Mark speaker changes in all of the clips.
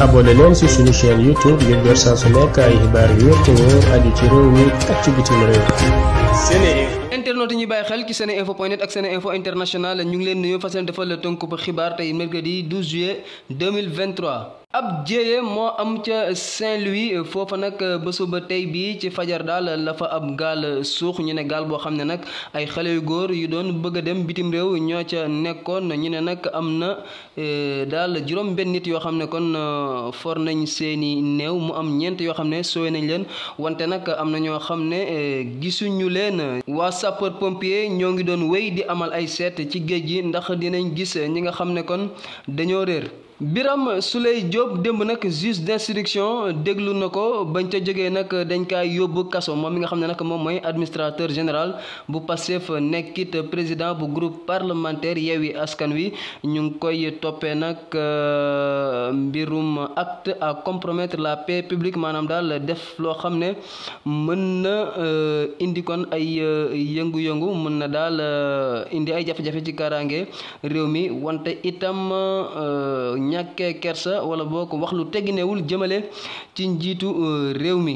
Speaker 1: abonné leen ci suñu chaîne YouTube ngir jot saa su nekk ay xibaar yu wér te wóor aju ci réew mi ak ci bitim réew. internet yi ñuy bàyyi xel ci sene info point net ak sene info international ñu ngi leen nuyu fas yéene defal la tënk bu xibaar tey mercredi 12 juillet ab jéye moo am ca Saint-Louis foofa nag euh, bésu ba tey bii ci fajar daal lafa fa ab gaal suux ñu ne gaal boo xam ne nag ay xale yu góor yu doon bëgg a dem bitim réew ñoo ca nekkoon ñu ne nag am na euh, daal juróom benn nit yoo xam ne kon euh, for nañ seeni néew mu am ñeent yoo xam ne sooy nañ leen wante nag am na ñoo xam ne gisuñu leen waa sapeur pompier ñoo ngi doon wéy di amal ay seet ci géej gi ndax dinañ gis ñi nga xam ne kon dañoo réer Birame Souleye Diop démb nag juge d'instruction déglu na ko bañ ca jógee nag dañ kaa yóbbu kaso moom mi nga xam ne nag moom mooy administrateur général bu Pastef nekkit président bu groupe parlementaire Yewwi Askan Wi ñu ngi koy toppee nag euh, mbirum acte a compromettre la paix publique maanaam daal def loo xam ne mën na euh, indi kon ay euh, yëngu-yëngu mën na daal indi ay jafe-jafe ci kaaraange réew mi wante itam. ñàkkee kersa wala boo ko wax lu tegginewul jëmale ci njiitu euh, réew mi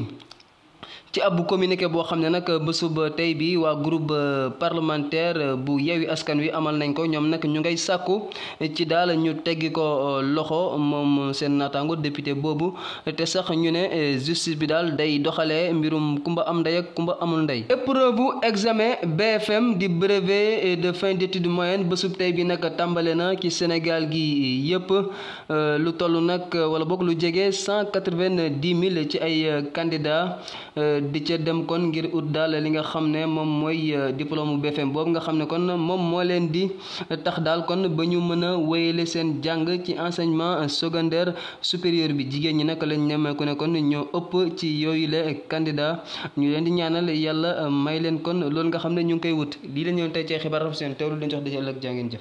Speaker 1: ci ab communiqué boo xam ne nag bésub tey bi waa groupe parlementaire bu yewi askan wi amal nañ ko ñoom nag ñu ngay sàkku ci daal ñu teggi ko euh, loxo moom seen naataango député boobu te sax ñu ne euh, justice bi daal day doxalee mbirum kumba am ndey ak kumba amul ndey épreuve bu examen BFM di brevet de fin d'études moyennes bésub tey bi nag tàmbale na ci Sénégal gi yëpp euh, lu toll nag wala boog lu jege cent quatre-vingt-dix mille ci ay candidats di ca dem kon ngir ut daal li nga xam ne moom mooy euh, diplôme BFM boobu nga xam ne kon moom moo leen di tax daal kon ba ñu mën a wéyale seen jàng ci enseignement secondaire supérieur bi jigéen ñi nag lañ nemmeeku ne kon ñoo ëpp ci yooyu la candidat ñu leen di ñaanal yàlla euh, may leen kon loolu nga xam ne ñu ngi koy wut lii la ñoo tey ci xibaar rafet seen teewlu dañ jox di ci ëllëg jàngeen jëf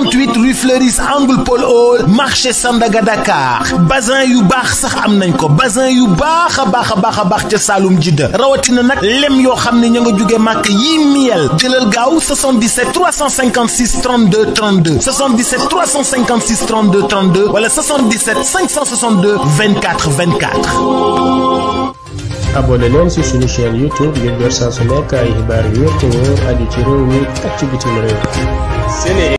Speaker 2: 48 rue Fleuris angle Paul Hall marché Sandaga Dakar basin yu baax sax am nañ ko bazin yu baax a baax a baax a baax ca saalum jidda rawatina nag lem yoo xam ne ña nga jóge màkk yi miel jëlal gaaw 77 356 32 32 77 356 32 32 wala 77 562 24 24.
Speaker 1: abonné leen ci suñu chaîne YouTube ngir door saa su nekk ay xibaar yu wér te wóor aju ci réew mi ak ci bitim
Speaker 2: réew